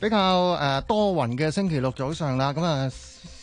比較誒多雲嘅星期六早上啦，咁啊。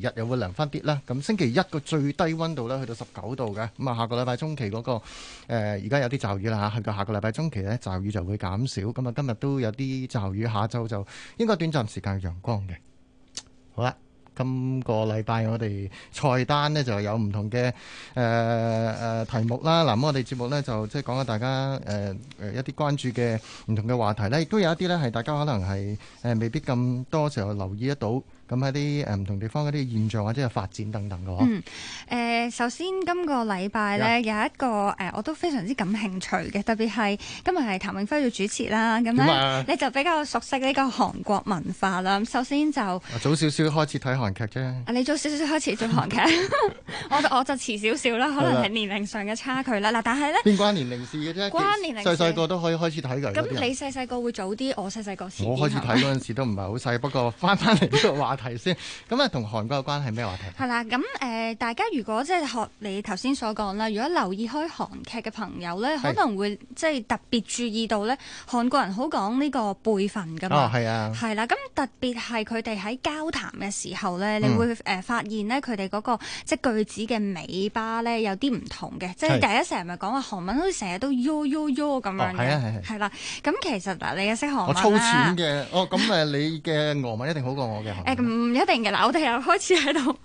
日又會涼翻啲啦，咁星期一個最低溫度咧去到十九度嘅，咁啊下個禮拜中期嗰個誒，而家有啲驟雨啦嚇，去到下個禮拜中期咧驟雨就會減少，咁啊今日都有啲驟雨，下晝就應該短暫時間陽光嘅。好啦，今個禮拜我哋菜單咧就有唔同嘅誒誒題目啦，嗱，咁我哋節目咧就即係講下大家誒誒一啲關注嘅唔同嘅話題咧，亦都有一啲咧係大家可能係誒未必咁多時候留意得到。咁喺啲誒唔同地方嗰啲現象或者係發展等等嘅嗬。嗯，首先今個禮拜咧有一個誒，我都非常之感興趣嘅，特別係今日係譚永輝要主持啦。咁咧你就比較熟悉呢個韓國文化啦。首先就早少少開始睇韓劇啫。你早少少開始做韓劇，我我就遲少少啦，可能係年齡上嘅差距啦。嗱，但係咧，邊關年齡事嘅啫？關年齡事，細細個都可以開始睇㗎。咁你細細個會早啲，我細細個時，我開始睇嗰陣時都唔係好細，不過翻翻嚟都話。話題先，咁啊同韓國嘅關係咩話題？係啦，咁 誒、嗯，大家如果即係學你頭先所講啦，如果留意開韓劇嘅朋友咧，是可能會即係特別注意到咧，韓國人好講呢個輩份㗎嘛。哦，係啊。係啦，咁特別係佢哋喺交談嘅時候咧，你會誒發現咧，佢哋嗰個即係句子嘅尾巴咧有啲唔同嘅，即係第一成日咪講話韓文好似成日都喲喲喲咁樣嘅。係啊，係係。係啦，咁其實嗱，你嘅識韓文啦。我粗淺嘅，哦，咁誒，你嘅俄文一定好過我嘅韓文。 嗯嗯嗯嗯唔、嗯、一定嘅，嗱我哋又開始喺度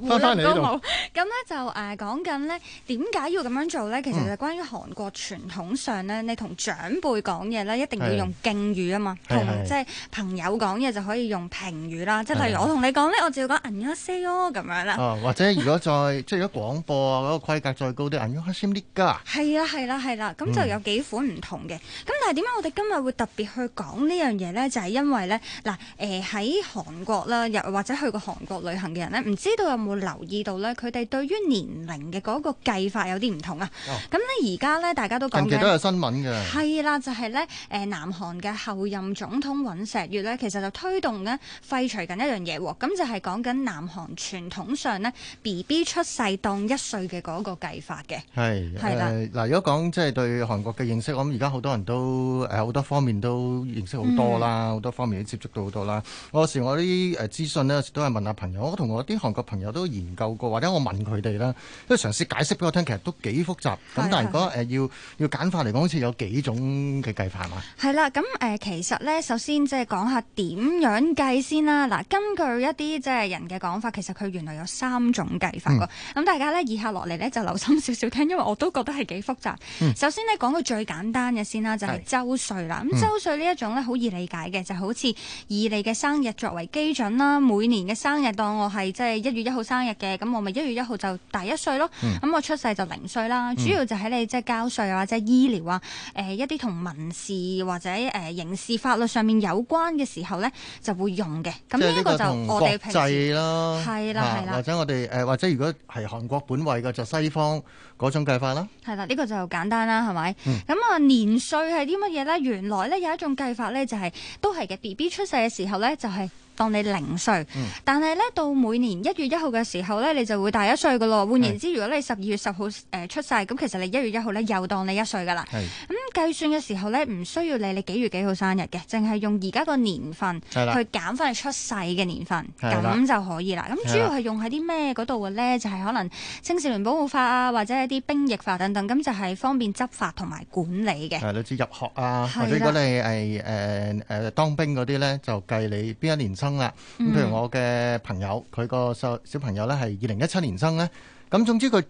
互錄都冇。咁咧就誒講緊咧點解要咁樣做咧？其實就關於韓國傳統上咧，你同長輩講嘢咧一定要用敬語啊嘛，同即係朋友講嘢就可以用平語啦。即係例如我同你講咧，我就要講銀優些咯咁樣啦、啊。或者如果再即係 如果廣播啊嗰個規格再高啲，銀優些先啲㗎。係啊，係啦、啊，係啦、啊，咁、嗯嗯啊、就有幾款唔同嘅。咁但係點解我哋今日會特別去講呢樣嘢咧？就係、是、因為咧嗱誒喺韓國啦。 或者去過韓國旅行嘅人呢，唔知道有冇留意到呢？佢哋對於年齡嘅嗰個計法有啲唔同啊。咁呢，而家呢，大家都講近期都有新聞嘅，係啦，就係呢，誒，南韓嘅候任總統尹錫悅呢，其實就推動呢，廢除緊一樣嘢，咁就係、是、講緊南韓傳統上呢 B B 出世當一歲嘅嗰個計法嘅。係係、哦、是啦。嗱、呃，如果講即係對韓國嘅認識，我諗而家好多人都誒好、呃、多方面都認識好多啦，好、mm hmm. 多方面都接觸到好多啦。我有時我啲資訊呢，都係問下朋友，我同我啲韓國朋友都研究過，或者我問佢哋啦，都嘗試解釋俾我聽。其實都幾複雜，咁的但係如果誒、呃、要要簡化嚟講，好似有幾種嘅計法係嘛？係啦，咁誒、呃、其實咧，首先即係講下點樣計先啦。嗱，根據一啲即係人嘅講法，其實佢原來有三種計法㗎。咁、嗯、大家咧以下落嚟咧就留心少少聽，因為我都覺得係幾複雜。嗯、首先呢，講到最簡單嘅先啦，就係、是、周歲啦。咁、嗯嗯、周歲呢一種咧好易理解嘅，就是、好似以你嘅生日作為基準。每年嘅生日當我係即係一月一號生日嘅，咁我咪一月一號就大一歲咯。咁、嗯嗯、我出世就零歲啦，主要就喺你即係交稅或者醫療啊，誒、呃、一啲同民事或者誒、呃、刑事法律上面有關嘅時候咧，就會用嘅。咁呢一個就我哋平時、啊、啦，係啦係啦，啊、啦或者我哋誒、呃、或者如果係韓國本位嘅就西方嗰種計法啦。係啦，呢、這個就簡單啦，係咪？咁、嗯、啊年歲係啲乜嘢咧？原來咧有一種計法咧就係都係嘅，B B 出世嘅時候咧就係、就。是當你零歲，嗯、但係咧到每年一月一號嘅時候咧，你就會大一歲噶咯。換言之，是如果你十二月十號誒出世，咁其實你一月一號咧又當你一歲噶啦。是嗯計算嘅時候咧，唔需要理你你幾月幾號生日嘅，淨係用而家個年份去減翻你出世嘅年份，咁的就可以啦。咁的主要係用喺啲咩嗰度嘅咧？就係、是、可能青少年保護法啊，或者一啲兵役法等等，咁就係、是、方便執法同埋管理嘅。係、啊，例如入學啊，的或者如果你係誒誒當兵嗰啲咧，就計你邊一年生啦。咁譬如我嘅朋友，佢、嗯、個小朋友咧係二零一七年生咧，咁總之佢。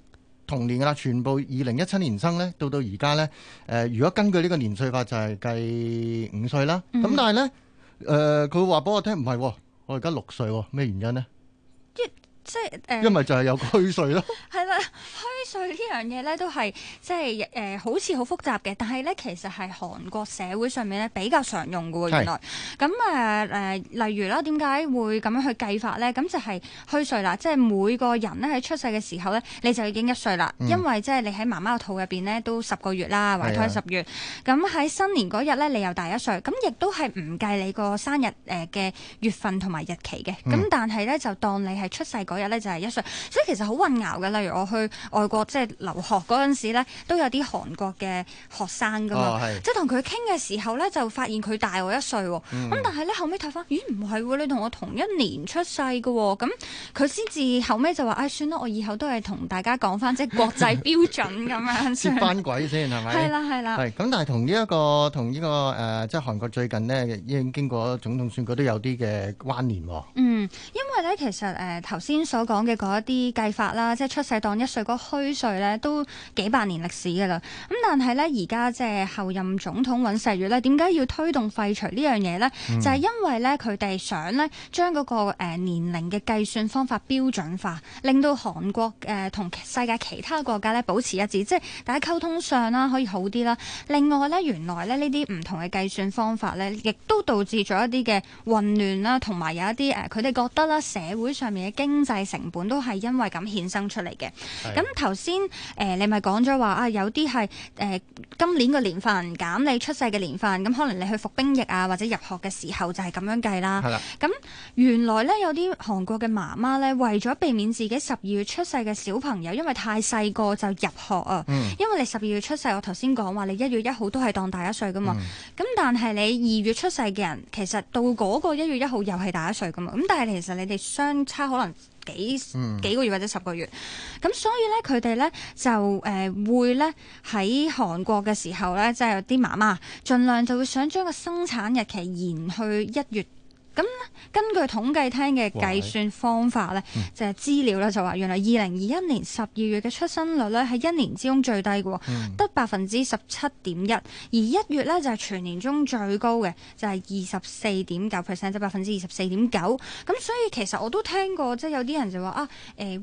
同年噶啦，全部二零一七年生咧，到到而家咧，誒、呃，如果根據呢個年歲法就係計五歲啦，咁、mm hmm. 但係咧，誒、呃，佢話俾我聽唔係，我而家六歲，咩原因咧？即即誒，一、嗯、因為就係有虛歲咯 。係啦。歲呢樣嘢咧都係即係誒好似好複雜嘅，但係咧其實係韓國社會上面咧比較常用㗎喎是原來。咁誒誒，例如啦，點解會咁樣去計法咧？咁就係虛歲啦，即係每個人咧喺出世嘅時候咧，你就已經一歲啦，嗯、因為即係你喺媽媽嘅肚入邊咧都十個月啦，懷胎十月。咁喺、啊、新年嗰日咧，你又大一歲，咁亦都係唔計你個生日誒嘅月份同埋日期嘅。咁、嗯、但係咧就當你係出世嗰日咧就係一歲，所以其實好混淆嘅。例如我去外國。即係留學嗰陣時咧，都有啲韓國嘅學生噶嘛，哦、即係同佢傾嘅時候咧，就發現佢大我一歲喎。咁、嗯、但係咧後尾睇翻，咦唔係喎，你同我同一年出世嘅喎。咁佢先至後尾就話：，唉、哎，算啦，我以後都係同大家講翻即係國際標準咁樣。 了先。」翻鬼先係咪？係啦係啦。係咁，但係同呢一個同呢、呢個誒、呃，即係韓國最近咧，已經經過總統選舉都有啲嘅關聯、哦。嗯，因為咧其實誒頭先所講嘅嗰一啲計法啦，即係出世當一歲嗰虛。稅咧都幾百年歷史嘅啦，咁但係咧而家即係後任總統尹錫悦咧，點解要推動廢除呢樣嘢咧？嗯、就係因為咧佢哋想咧將嗰、那個、呃、年齡嘅計算方法標準化，令到韓國誒、呃、同世界其他國家咧保持一致，即係大家溝通上啦可以好啲啦。另外咧，原來咧呢啲唔同嘅計算方法咧，亦都導致咗一啲嘅混亂啦，同埋有一啲誒佢哋覺得咧社會上面嘅經濟成本都係因為咁衍生出嚟嘅。咁頭。先誒、呃，你咪講咗話啊，有啲係誒今年個年份減你出世嘅年份，咁可能你去服兵役啊，或者入學嘅時候就係咁樣計啦。係啦的。咁原來咧有啲韓國嘅媽媽咧，為咗避免自己十二月出世嘅小朋友因為太細個就入學啊，嗯、因為你十二月出世，我頭先講話你一月一號都係當大一歲㗎嘛。咁、嗯、但係你二月出世嘅人，其實到嗰個一月一號又係大一歲㗎嘛。咁但係其實你哋相差可能。幾幾個月或者十個月，咁所以咧，佢哋咧就誒會咧喺韓國嘅時候咧，即係有啲媽媽盡量就會想將個生產日期延去一月。根據統計廳嘅計算方法咧，喂就係資料咧就話，原來二零二一年十二月嘅出生率咧，係一年之中最低嘅，得百分之十七點一。而一月咧就係、是、全年中最高嘅，就係二十四點九 percent，即百分之二十四點九。咁、就是、所以其實我都聽過，即、就、係、是、有啲人就話啊，誒、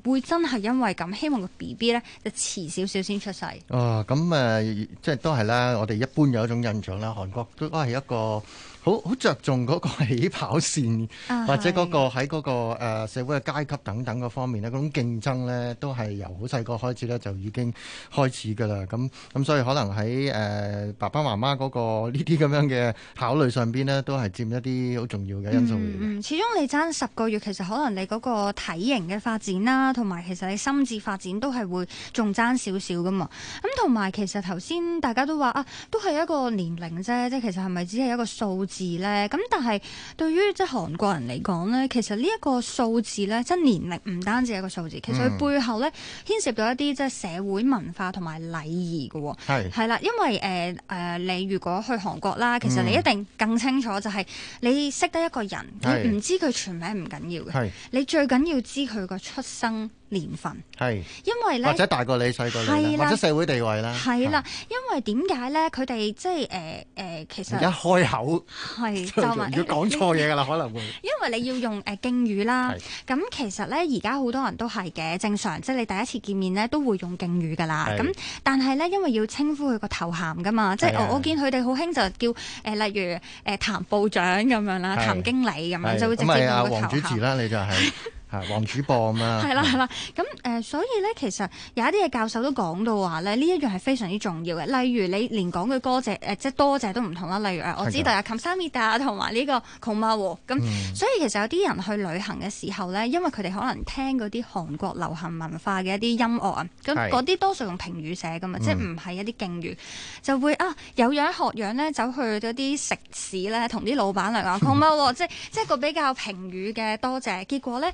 呃、會真係因為咁，希望個 B B 咧就遲少少先出世。啊、哦，咁誒、呃，即係都係啦。我哋一般有一種印象啦，韓國都係一個。好好着重嗰個起跑線，啊、或者嗰個喺嗰、嗰個誒、呃、社會嘅階級等等嗰方面咧，嗰種競爭咧，都係由好細個開始咧，就已經開始噶啦。咁咁所以可能喺誒、呃、爸爸媽媽嗰個這這呢啲咁樣嘅考慮上邊咧，都係佔一啲好重要嘅因素嚟。嗯，始終你爭十個月，其實可能你嗰個體型嘅發展啦，同埋其實你心智發展都係會仲爭少少噶嘛。咁同埋其實頭先大家都話啊，都係一個年齡啫，即係其實係咪只係一個數字？字咧，咁但係對於即韓國人嚟講咧，其實呢一個數字咧，即年齡唔單止係一個數字，嗯、其實佢背後咧牽涉到一啲即社會文化同埋禮儀嘅、哦，係係啦，因為誒誒、呃呃，你如果去韓國啦，其實你一定更清楚，就係你識得一個人，你唔是的 知佢全名唔緊要嘅，係是的 你最緊要知佢個出生。年份係，因為咧或者大過你、細過你，或者社會地位啦，係啦。因為點解咧？佢哋即係誒誒，其實一開口係就話要講錯嘢噶啦，可能會因為你要用誒敬語啦。咁其實咧，而家好多人都係嘅正常，即係你第一次見面咧都會用敬語噶啦。咁但係咧，因為要稱呼佢個頭銜噶嘛，即係我我見佢哋好興就叫誒，例如誒譚部長咁樣啦，譚經理咁樣就會直接叫個頭銜啦。你就係。啊， 黃主播咁啊！係啦，係 啦樂。咁誒、嗯嗯嗯，所以咧、呃，其實有一啲嘅教授都講到話咧，呢一樣係非常之重要嘅。例如你連講句、呃、多謝誒，即係多謝都唔同啦。例如誒、啊，我知道的、嗯、啊 Kimsamida 同埋呢個窮貓喎。咁、嗯、所以其實有啲人去旅行嘅時候咧，因為佢哋可能聽嗰啲韓國流行文化嘅一啲音樂啊，咁嗰啲多數用平語寫㗎嘛，即係唔係一啲敬語，嗯、就會啊有樣學樣咧，走去嗰啲食肆咧，同啲老闆嚟講窮貓，即係即係個比較平語嘅多謝。結果咧。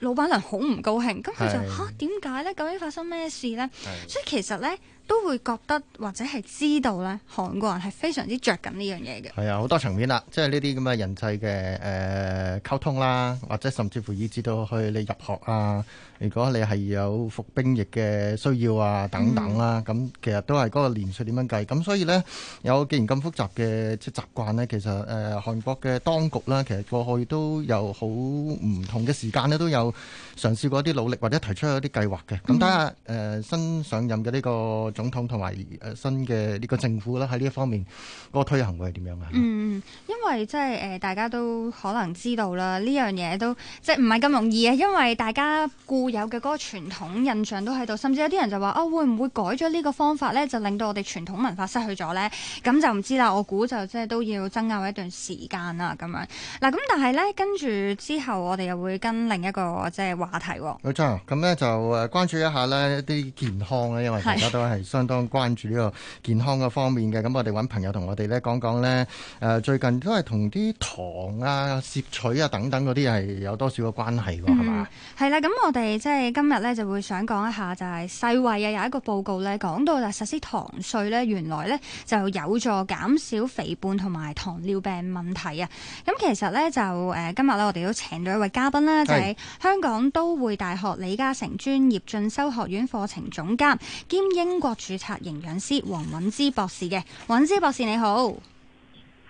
老闆娘好唔高興，咁佢就嚇點解咧？究竟發生咩事咧？的所以其實咧。都會覺得或者係知道咧，韓國人係非常之着緊呢樣嘢嘅。係啊，好多層面啦，即係呢啲咁嘅人際嘅誒、呃、溝通啦，或者甚至乎以致到去你入學啊，如果你係有服兵役嘅需要啊等等啦、啊，咁、嗯、其實都係嗰個年歲點樣計？咁所以呢，有既然咁複雜嘅即係習慣咧，其實誒、呃、韓國嘅當局啦，其實過去都有好唔同嘅時間呢，都有嘗試過一啲努力或者提出一啲計劃嘅。咁睇、嗯、下誒、呃、新上任嘅呢、這個。總統同埋誒新嘅呢個政府啦，喺呢一方面嗰個推行會係點樣啊？嗯，因為即係誒，大家都可能知道啦，呢樣嘢都即係唔係咁容易啊。因為大家固有嘅嗰個傳統印象都喺度，甚至有啲人就話啊，會唔會改咗呢個方法咧，就令到我哋傳統文化失去咗咧？咁就唔知啦。我估就即係都要爭拗一段時間啦，咁樣嗱。咁、啊、但係咧，跟住之後我哋又會跟另一個即係話題、哦。好真啊、哦！咁咧就誒關注一下咧一啲健康啊，因為大家都係。 相當關注呢個健康嘅方面嘅，咁我哋揾朋友同我哋咧講講呢，誒最近都係同啲糖啊、攝取啊等等嗰啲係有多少嘅關係嘅，係嘛、嗯？係啦吧，咁、嗯、我哋即係今日呢，就會想講一下就係世衞啊有一個報告呢，講到就實施糖稅呢，原來呢就有助減少肥胖同埋糖尿病問題啊！咁其實呢，就誒、呃、今日呢，我哋都請到一位嘉賓啦，就係、是、香港都會大學李嘉誠專業進修學院課程總監兼英國註冊營養師黃蘊芝博士嘅，蘊芝博士你好。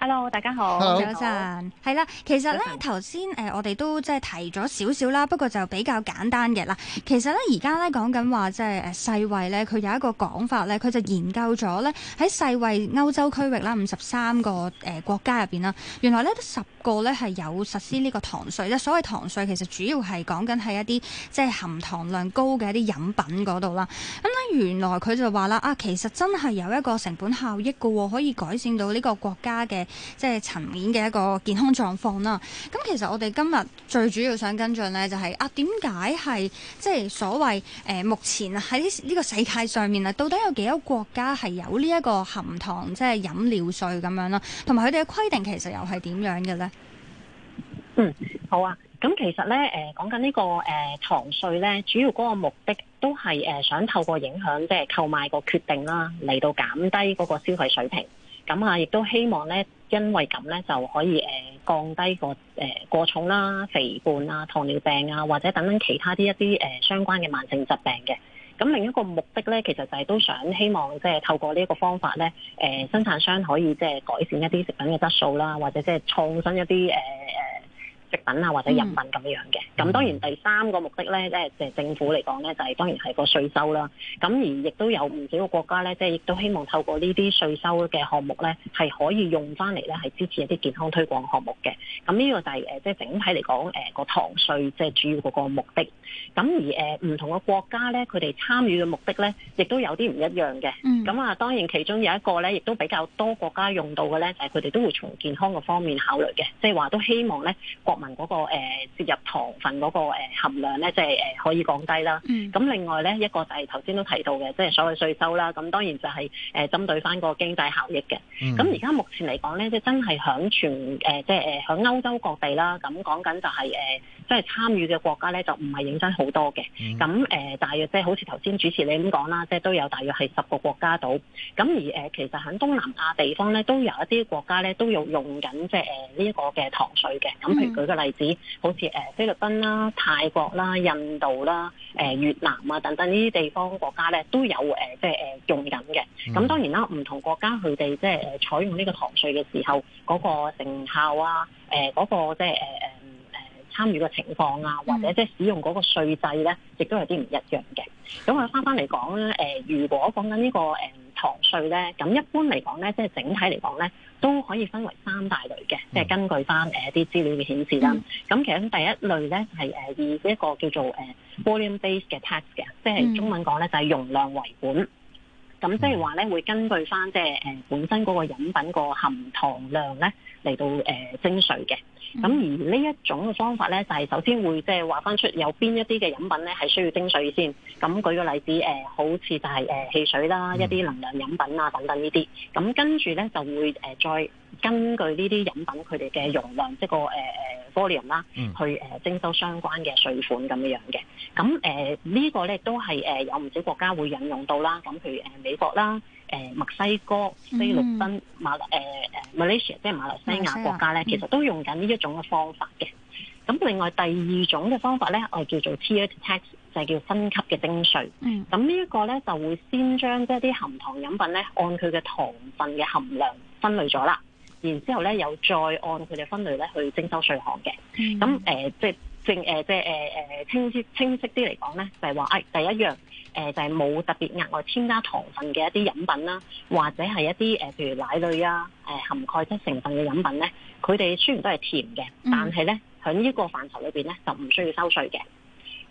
Hello，大家好，hello, 早晨，係啦，其實咧頭先誒，我哋都即係提咗少少啦，不過就比較簡單嘅啦。其實咧而家咧講緊話，即係誒世衛咧，佢有一個講法咧，佢就研究咗咧喺世衛歐洲區域啦，五十三個誒、呃、國家入邊啦，原來咧都十個咧係有實施呢個糖稅。即係所謂糖稅，其實主要係講緊係一啲即係含糖量高嘅一啲飲品嗰度啦。咁咧原來佢就話啦，啊其實真係有一個成本效益嘅，可以改善到呢個國家嘅。即係層面嘅一個健康狀況啦。咁其實我哋今日最主要想跟進咧、就是，就係啊，點解係即係所謂誒、呃，目前喺呢、這個世界上面啊，到底有幾多國家係有呢一個含糖即係飲料稅咁樣啦？同埋佢哋嘅規定其實又係點樣嘅咧？嗯，好啊。咁其實咧，誒、呃，講緊、這個呃、呢個誒糖稅咧，主要嗰個目的都係誒、呃、想透過影響即係購買個決定啦，嚟到減低嗰個消費水平。咁啊，亦都希望咧，因為咁咧就可以誒、呃、降低個誒、呃、過重啦、肥胖啦、啊、糖尿病啊，或者等等其他啲一啲誒、呃、相關嘅慢性疾病嘅。咁另一個目的咧，其實就係都想希望即係透過呢一個方法咧，誒、呃、生產商可以即係改善一啲食品嘅質素啦，或者即係創新一啲誒誒、呃呃食品啊或者飲品咁樣嘅，咁、嗯、當然第三個目的咧，即、就、係、是、政府嚟講咧，就係、是、當然係個稅收啦。咁而亦都有唔少個國家咧，即係亦都希望透過呢啲稅收嘅項目咧，係可以用翻嚟咧，係支持一啲健康推廣項目嘅。咁呢個就係誒即係整體嚟講誒個糖稅即係主要嗰個目的。咁而誒唔、呃、同嘅國家咧，佢哋參與嘅目的咧，亦都有啲唔一樣嘅。咁、嗯、啊，當然其中有一個咧，亦都比較多國家用到嘅咧，就係佢哋都會從健康嘅方面考慮嘅，即係話都希望咧國。問嗰個誒攝入糖分嗰個含量咧，即係誒可以降低啦。咁另外咧，一個就係頭先都提到嘅，即係所謂稅收啦。咁當然就係誒針對翻個經濟效益嘅。咁而家目前嚟講咧，即係真係響全誒，即係誒響歐洲各地啦。咁講緊就係誒。呃即係參與嘅國家咧，就唔係認真好多嘅。咁誒、嗯嗯，大約即係好似頭先主持你咁講啦，即係都有大約係十個國家到。咁而誒，其實喺東南亞地方咧，都有一啲國家咧，都有用緊即係誒呢一個嘅糖稅嘅。咁、嗯、譬如舉個例子，好似誒菲律賓啦、泰國啦、印度啦、誒越南啊等等呢啲地方國家咧，都有誒即係誒用緊嘅。咁、嗯嗯、當然啦，唔同國家佢哋即係採用呢個糖稅嘅時候，嗰、嗰個成效啊，誒、嗰、嗰個即係誒。嗰個呃嗰個呃參與嘅情況啊，或者即係使用嗰個稅制咧，亦都有啲唔一樣嘅。咁我翻翻嚟講咧，誒、呃，如果講緊，這個嗯、呢個誒糖稅咧，咁一般嚟講咧，即、就、係、是、整體嚟講咧，都可以分為三大類嘅，即係根據翻誒啲資料嘅顯示啦。咁、嗯、其實第一類咧係誒以一個叫做誒、嗯、volume base 嘅 tax 嘅，即係中文講咧就係、是、容量為本。咁即係話咧會根據翻即係誒本身嗰個飲品個含糖量咧嚟到誒徵稅嘅。呃咁、嗯、而呢一種嘅方法咧，就係、是、首先會即係話翻出有邊一啲嘅飲品咧，係需要徵稅先。咁舉個例子，誒、呃、好似就係、是、誒、呃、汽水啦，嗯、一啲能量飲品啊，等等呢啲。咁跟住咧就會誒、呃、再根據呢啲飲品佢哋嘅容量，即個誒誒 volume 啦，嗯、去誒、呃、徵收相關嘅稅款咁樣樣嘅。咁誒、呃這個、呢個咧都係誒、呃、有唔少國家會引用到啦。咁譬如誒、呃、美國啦。誒墨西哥、菲律賓、嗯、馬誒誒 Malaysia 即係馬來西亞國家咧，嗯、其實都用緊呢一種嘅方法嘅。咁另外第二種嘅方法咧，我哋叫做 tiered tax，就係叫分級嘅徵稅。咁、嗯、呢一個咧就會先將即係啲含糖飲品咧按佢嘅糖分嘅含量分類咗啦，然之後咧又再按佢哋分類咧去徵收稅項嘅。咁誒、嗯呃、即係。正誒、呃，即係誒誒清晰清晰啲嚟講咧，就係話誒第一樣誒、呃、就係、是、冇特別額外添加糖分嘅一啲飲品啦，或者係一啲誒、呃，譬如奶類啊誒含鈣質成分嘅飲品咧，佢哋雖然都係甜嘅，但係咧喺呢個範疇裏邊咧就唔需要收稅嘅。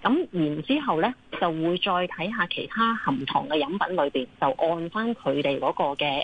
咁然之後咧就會再睇下其他含糖嘅飲品裏邊，就按翻佢哋嗰個嘅誒誒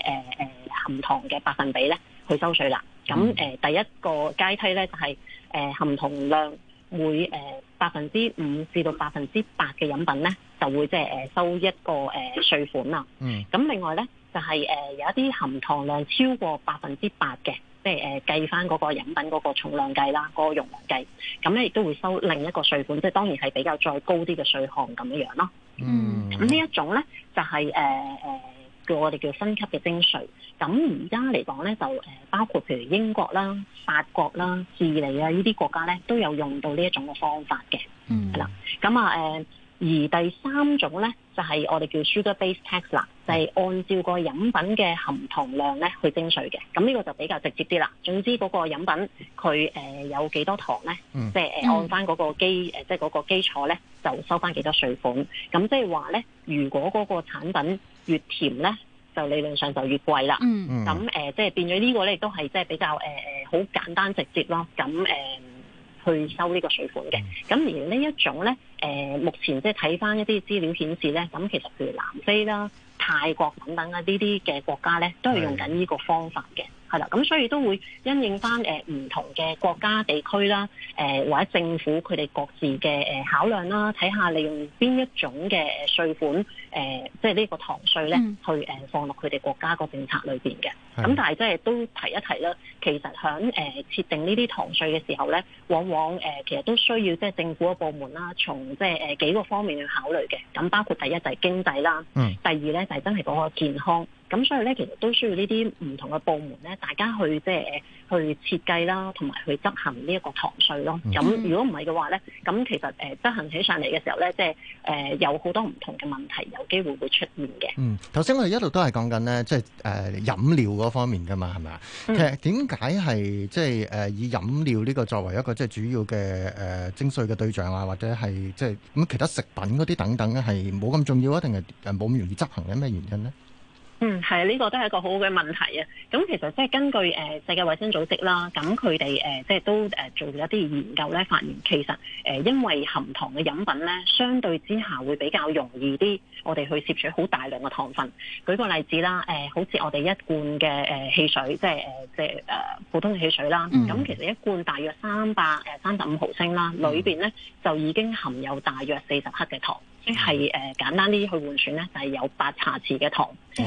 含糖嘅百分比咧去收稅啦。咁誒、呃嗯、第一個階梯咧就係、是、誒含糖量，量，量。嗯會誒百分之五至到百分之八嘅飲品咧，就會即係誒收一個誒稅款啦。嗯。咁另外咧，就係誒有一啲含糖量超過百分之八嘅，即係誒計翻嗰個飲品嗰個重量計啦，嗰、嗰個容量計，咁咧亦都會收另一個稅款，即係當然係比較再高啲嘅稅項咁樣樣咯。嗯。咁呢一種咧、就係，就係誒誒。叫我哋叫「分級」嘅精髓。咁而家嚟講咧，就誒包括譬如英國啦、法國啦、智利啊呢啲國家咧，都有用到呢一種嘅方法嘅，係啦、嗯，咁啊誒。呃而第三種咧，就係、是、我哋叫 sugar base tax 啦，就係按照個飲品嘅含糖量咧去徵稅嘅。咁呢個就比較直接啲啦。總之嗰個飲品佢誒、呃、有幾多糖咧，即係誒按翻嗰個基誒即係嗰個基礎咧，就收翻幾多稅款。咁即係話咧，如果嗰個產品越甜咧，就理論上就越貴啦。嗯，咁誒即係變咗呢個咧，都係即係比較誒誒好簡單直接咯。咁誒。呃去收呢個水管嘅，咁而呢一種呢，誒、呃，目前即係睇翻一啲資料顯示呢，咁其實譬如南非啦、泰國等等啊，呢啲嘅國家呢，都係用緊呢個方法嘅。係啦，咁所以都會因應返誒唔同嘅國家地區啦，誒或者政府佢哋各自嘅誒考量啦，睇下利用邊一種嘅稅款誒，即係呢個糖稅咧，去誒放落佢哋國家個政策裏邊嘅。咁但係即係都提一提啦，其實喺誒設定呢啲糖稅嘅時候咧，往往誒其實都需要即係政府嘅部門啦，從即係誒幾個方面去考慮嘅。咁包括第一就係經濟啦，第二咧就係真係講個健康。咁所以咧，其實都需要呢啲唔同嘅部門咧，大家去即係、呃、去設計啦，同埋去執行呢一個糖稅咯。咁如果唔係嘅話咧，咁其實誒、呃、執行起上嚟嘅時候咧，即係誒有好多唔同嘅問題，有機會會出現嘅。嗯，頭先我哋一路都係講緊咧，即係誒飲料嗰方面噶嘛，係咪啊？其實點解係即係誒以飲料呢個作為一個即係、就是、主要嘅誒徵稅嘅對象啊，或者係即係咁其他食品嗰啲等等咧，係冇咁重要啊，定係誒冇咁容易執行咧？咩原因咧？嗯，係啊，呢、這個都係一個好好嘅問題啊。咁其實即係根據誒、呃、世界衞生組織啦，咁佢哋誒即係都誒做咗一啲研究咧，發現其實誒、呃、因為含糖嘅飲品咧，相對之下會比較容易啲，我哋去攝取好大量嘅糖分。舉個例子啦，誒、呃、好似我哋一罐嘅誒、呃、汽水，即係誒即係誒普通嘅汽水啦。咁、嗯、其實一罐大約三百誒三十五毫升啦，裏邊咧就已經含有大約四十克嘅糖。即係誒，簡單啲去換算咧，就係、是、有八茶匙嘅糖。咁、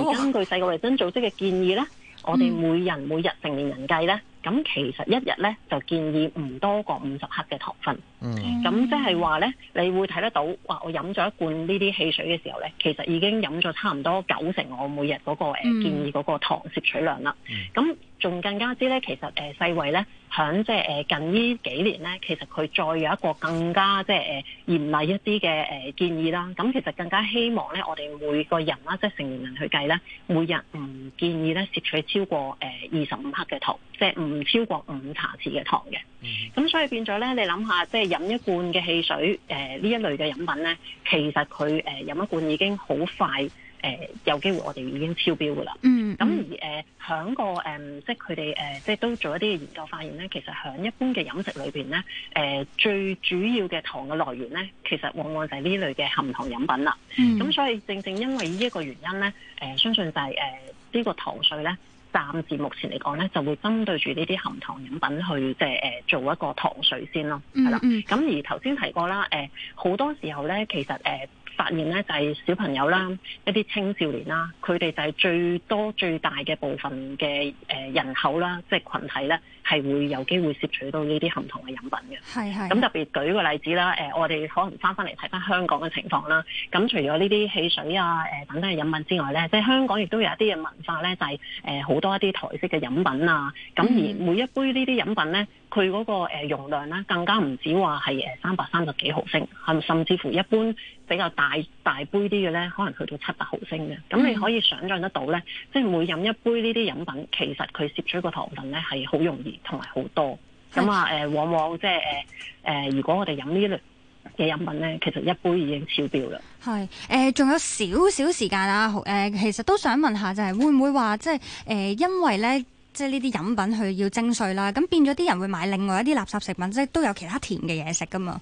哦、而根據世界衛生組織嘅建議咧，嗯、我哋每人每日成年人計咧，咁其實一日咧就建議唔多過五十克嘅糖分。嗯，咁即係話咧，你會睇得到，哇！我飲咗一罐呢啲汽水嘅時候咧，其實已經飲咗差唔多九成我每日嗰個誒建議嗰個糖攝取量啦。咁、嗯。咁，嗯仲更加知咧，其實誒世衞咧響即係誒近呢幾年咧，其實佢再有一個更加即係誒嚴厲一啲嘅誒建議啦。咁其實更加希望咧，我哋每個人啦，即係成年人去計咧，每日唔建議咧攝取超過誒二十五克嘅糖，即係唔超過五茶匙嘅糖嘅。咁、mm hmm. 所以變咗咧，你諗下，即係飲一罐嘅汽水誒呢、呃、一類嘅飲品咧，其實佢誒飲一罐已經好快。誒、呃、有機會我哋已經超標噶啦、嗯，嗯，咁而誒響、呃、個誒、呃、即係佢哋誒即係都做一啲研究發現咧，其實響一般嘅飲食裏邊咧，誒、呃、最主要嘅糖嘅來源咧，其實往往就係呢類嘅含糖飲品啦，咁、嗯嗯、所以正正因為呢一個原因咧，誒、呃、相信就係誒呢個糖稅咧，暫時目前嚟講咧，就會針對住呢啲含糖飲品去即係誒、呃、做一個糖稅先咯，係啦，咁、嗯嗯嗯、而頭先提過啦，誒、呃、好多時候咧、呃，其實誒。呃發現咧就係小朋友啦，一啲青少年啦，佢哋就係最多最大嘅部分嘅誒人口啦，即係群體咧係會有機會攝取到呢啲含糖嘅飲品嘅。係係。咁特別舉個例子啦，誒我哋可能翻翻嚟睇翻香港嘅情況啦。咁除咗呢啲汽水啊，誒等等嘅飲品之外咧，即係香港亦都有一啲嘅文化咧，就係誒好多一啲台式嘅飲品啊。咁而每一杯呢啲飲品咧。佢嗰個容量咧，更加唔止話係誒三百三十幾毫升，甚甚至乎一般比較大大杯啲嘅咧，可能去到七百毫升嘅。咁你可以想象得到咧，嗯、即係每飲一杯呢啲飲品，其實佢攝取個糖分咧係好容易同埋好多。咁啊誒，往往即係誒誒，如果我哋飲呢類嘅飲品咧，其實一杯已經超標啦。係誒，仲、呃、有少少時間啊！誒、呃，其實都想問下就會會，就係會唔會話即係誒、呃，因為咧？即係呢啲飲品去要徵稅啦，咁變咗啲人會買另外一啲垃圾食品，即係都有其他甜嘅嘢食噶嘛？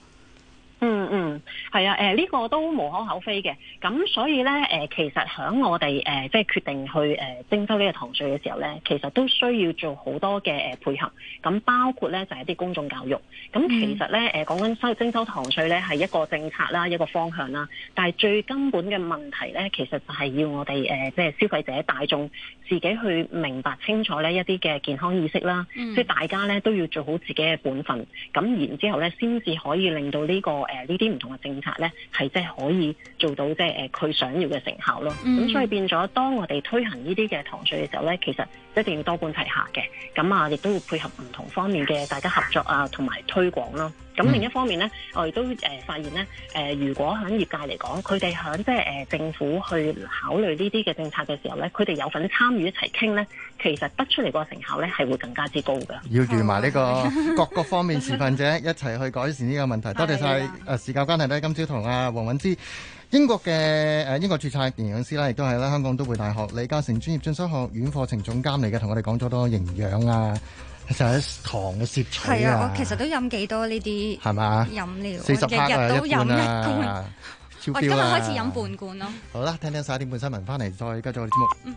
嗯嗯，係、嗯、啊，誒、呃、呢、呢個都無可厚非嘅。咁所以咧，誒、呃、其實響我哋誒、呃、即係決定去誒徵、呃、收呢個糖稅嘅時候咧，其實都需要做好多嘅誒配合。咁、呃、包括咧就係、是、一啲公眾教育。咁其實咧，誒、嗯、講緊收徵收糖稅咧係一個政策啦，一個方向啦。但係最根本嘅問題咧，其實就係要我哋誒、呃、即係消費者大眾。自己去明白清楚呢一啲嘅健康意識啦，即係、嗯、大家咧都要做好自己嘅本分，咁然之後咧先至可以令到呢、呢個誒呢啲唔同嘅政策咧係即係可以做到即係誒佢想要嘅成效咯。咁、嗯、所以變咗當我哋推行呢啲嘅糖稅嘅時候咧，其實一定要多管齊下嘅，咁啊亦都會配合唔同方面嘅大家合作啊，同埋推廣咯。咁、嗯、另一方面咧，我亦都誒、呃、發現咧，誒、呃、如果喺業界嚟講，佢哋響即係誒政府去考慮呢啲嘅政策嘅時候咧，佢哋有份參與一齊傾咧，其實得出嚟個成效咧係會更加之高嘅。要預埋呢個各個方面持份者一齊去改善呢個問題。 多謝晒，誒時間關係咧，今朝同阿黃蘊芝、英國嘅誒、呃、英國註冊營養師啦，亦都係啦，香港都會大學李嘉誠專業進修學院課程總監嚟嘅，同我哋講咗多營養啊。就喺糖嘅攝取啊！係啊，我其實都飲幾多呢啲係嘛，飲料，四十克，日日都飲、啊、一罐、啊。我今日開始飲半罐咯。 好啦，聽聽十一點半新聞，翻嚟再繼續我哋節目。嗯。